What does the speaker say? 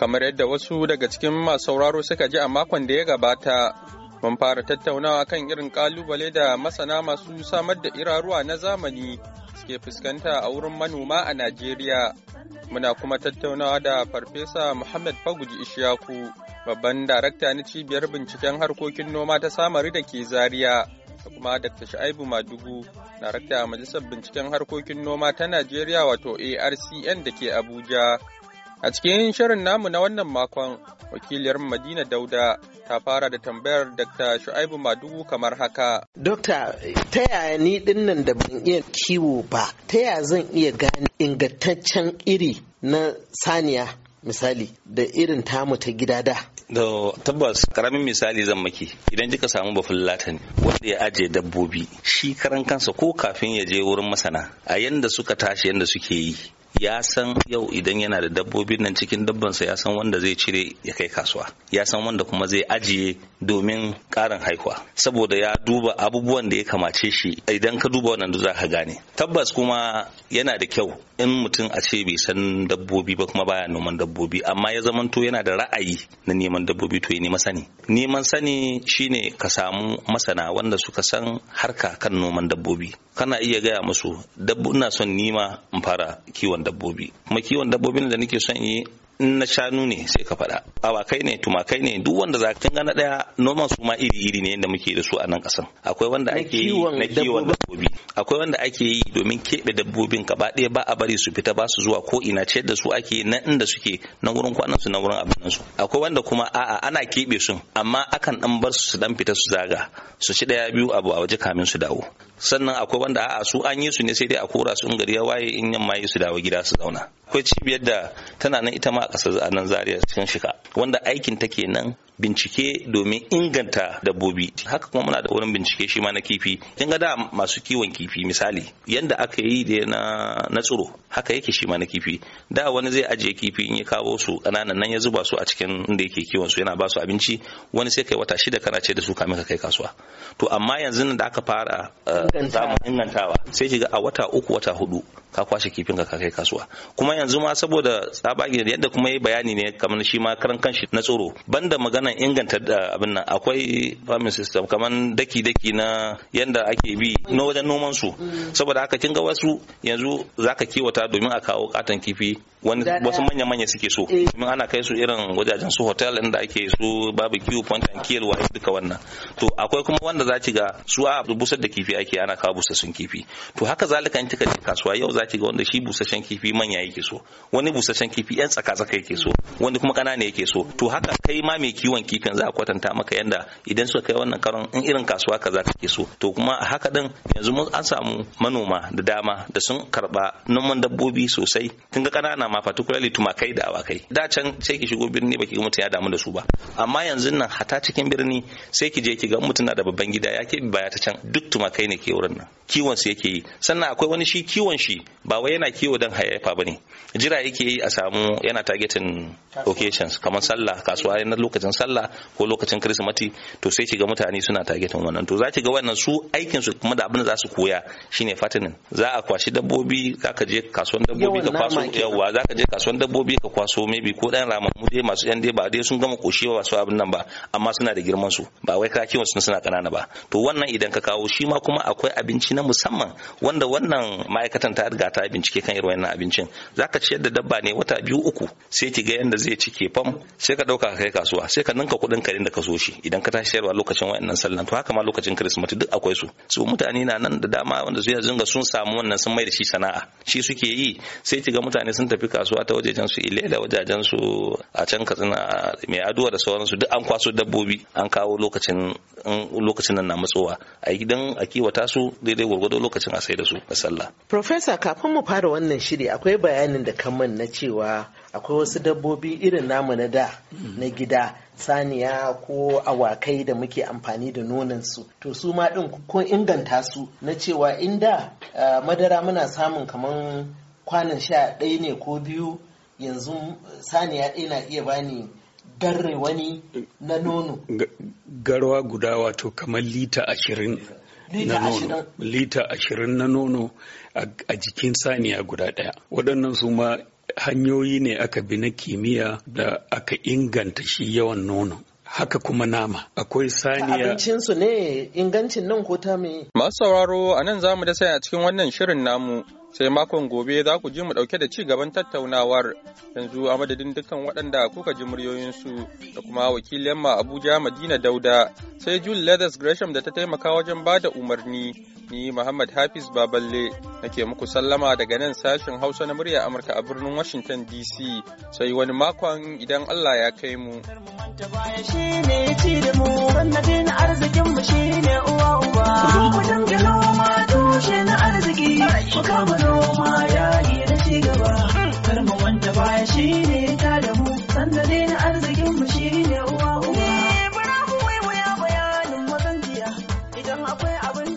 kamar yadda wasu daga cikin masu sauraro suka ji a makon da ya gabata mun fara tattaunawa kan irin kalubale da masana masu samar da iraruwa na zamani suke fuskanta a wurin manoma a najeriya muna kuma tattaunawa da farfesa muhammad faguji ishaku babban darakta na cibiyar binciken harkokin noma ta samari da ke zaria da kuma dr sha'ibu madugu darakta a majalisar binciken harkokin noma ta najeriya wato arcn da ke abuja A cikin shirin namu na wannan makon, wakiliyar Madina Dauda ta fara da tambayar Dr. Shu'aibu Madugu kamar haka. Dokta, ta yaya ni dinnan da ban iya kiwo ba, ta yaya zan iya gane ingantaccen iri na saniya misali da irin tamu ta gida da? da tabbas karamin misali zan maki idan kika samu bafin latin wanda ya ajiye dabbobi shi karan kansa ko kafin ya je wurin masana a yanda suka tashi yanda suke yi ya san yau idan yana da dabbobin nan cikin dabbansa ya san wanda zai cire ya kai kasuwa ya san wanda kuma zai ajiye domin karin haihuwa saboda ya duba abubuwan da ya kamace shi idan ka duba wannan za ka gane tabbas kuma yana da kyau in mutum a ce bai san dabbobi ba kuma baya noman dabbobi amma ya zamanto yana da ra'ayi na neman dabbobi to ya nema sani neman sani shine ka samu masana wanda suka san harka kan noman dabbobi kana iya gaya musu dabbu ina son nima in fara kiwon dabbobi kuma kiwon dabbobin da nake son yi in na shanu ne sai ka faɗa awakai ne tumakai ne duk wanda zaka ka ga na ɗaya noman su ma iri iri ne yadda muke da su a nan ƙasan akwai wanda ake yi na kiwon dabbobi akwai wanda ake yi domin keɓe dabbobin gaba ɗaya ba a bari su fita ba su zuwa ko ina ce da su ake na inda suke na wurin kwanan su na wurin abinan su akwai wanda kuma a'a ana keɓe su amma akan dan bar su su dan fita su zaga su ci ɗaya biyu abu a waje kamin su dawo sannan akwai wanda a'a su an yi su ne sai dai a kora su in gari ya waye in yamma yi su dawo gida su zauna akwai cibiyar da tana nan ita ma a ƙasar nan zaria cikin shika wanda aikin ta ke nan bincike domin inganta dabbobi haka kuma muna da wurin bincike shi ma na kifi kin ga da masu kiwon kifi misali yadda aka yi da na na haka yake shi ma na kifi da wani zai ajiye kifi in ya kawo su kananan nan ya zuba su a cikin inda yake kiwon su yana ba su abinci wani sai kai wata shida kana ce da su kamin ka kai kasuwa to amma yanzu da aka fara eh, samun ingantawa sai kiga a wata uku wata hudu ka kwashe kifin ka kai kasuwa kuma yanzu ma saboda tsabage yadda kuma yi bayani ne kamar shi ma karan kanshi na tsoro banda maganan inganta eh, abin nan akwai farming system kamar daki daki na yanda ake bi na wajen noman su mm. saboda haka kin ga wasu yanzu zaka kiwata mafita domin a kawo katon kifi wani wasu manya manya suke so eh. domin ana kai su irin wajajen su hotel inda ake su barbecue point and kill wa duka wannan to akwai kuma wanda za ga su a busar da kifi ake ana kawo busassun kifi to haka zalika in kika je kasuwa yau zaki ga wanda shi busasshen kifi manya yake so wani busasshen kifi yan tsaka tsaka yake so wani kuma kanana yake so to haka kai ma mai kiwon kifin za a kwatanta maka yanda idan suka kai wannan karon in irin kasuwa ka kaza ke so to kuma haka din yanzu mun an samu manoma da dama da sun karba mun da dabbobi sosai tun ga kanana ma particularly tumakai da awakai da can sai ki shigo birni baki ga mutum ya damu da su ba amma yanzu nan hata cikin birni sai ki je ki ga mutum na da babban gida ya ke baya ta can duk tumakai ne ke wurin nan kiwon su yake yi sannan akwai wani shi kiwon shi ba wai yana kiwo dan hayayyafa bane jira yake yi a samu yana targeting occasions kamar sallah kasuwa na lokacin sallah ko lokacin kirsimati to sai ki ga mutane suna targeting wannan to za ki ga wannan su aikin su kuma da abin da za su koya shine fatinin za a kwashi dabbobi ka je ka kasuwan dabbobi ka kwaso yawa za ka je kasuwan dabbobi ka kwaso maybe ko dan ramammu dai masu yan dai ba dai sun gama koshi ba su abin nan ba amma suna da girman su ba wai ka kiwon su suna kanana ba to wannan idan ka kawo shi ma kuma akwai abinci na musamman wanda wannan ma'aikatan ta riga ta bincike kan irin wannan abincin zaka ciyar da dabba ne wata biyu uku sai ki ga yanda zai cike fam sai ka dauka kai kasuwa sai ka ninka kuɗin karin da ka so shi idan ka tashi sayarwa lokacin wayannan sallan to haka ma lokacin kirismati duk akwai su su mutane na nan da dama wanda su yanzu sun samu wannan sun mai da shi sana'a shi suke yi sai ga mutane sun tafi kasuwa ta wajejen su ilela wajajen su a can katsina mai aduwa da sauransu duk an kwaso dabbobi an kawo lokacin lokacin nan na matsowa a gidan a kiwata su daidai gwargwado lokacin a sai da su da sallah professor kafin mu fara wannan shiri akwai bayanin da kaman na cewa akwai wasu dabbobi irin namu na da na gida saniya ko awakai da muke amfani da nonon su to su ma din ko inganta su na cewa inda madara muna samun kaman kwanan sha ɗaya ne ko biyu yanzu saniya ɗaya na iya bani garre wani na nono garwa guda wato kamar lita ashirin lita ashirin na nono a jikin saniya guda ɗaya waɗannan su ma hanyoyi ne aka bi na kimiyya da aka inganta shi yawan nono. haka kuma nama akwai saniya abincinsu ne ingancin nan ko ta me masu sauraro a nan zamu da sai a cikin wannan shirin namu sai makon gobe za ku ji mu dauke da ci gaban tattaunawar yanzu a madadin dukkan waɗanda kuka ji muryoyinsu da kuma wakilin ma abuja madina dauda sai jule leathers gresham da ta taimaka wajen ba da umarni ni muhammad hafiz baballe nake muku sallama daga nan sashen hausa na murya amurka a birnin washington dc sai wani makon idan allah ya kai mu arzikin Mu kama noma yaƙi na ci gaba. Kar wanda baya shi ne ta da mu. Sanda na arzikin mu shi ne uwa uwa. Eh, ne bara wai waya bayanin mazanjiya. Idan akwai abin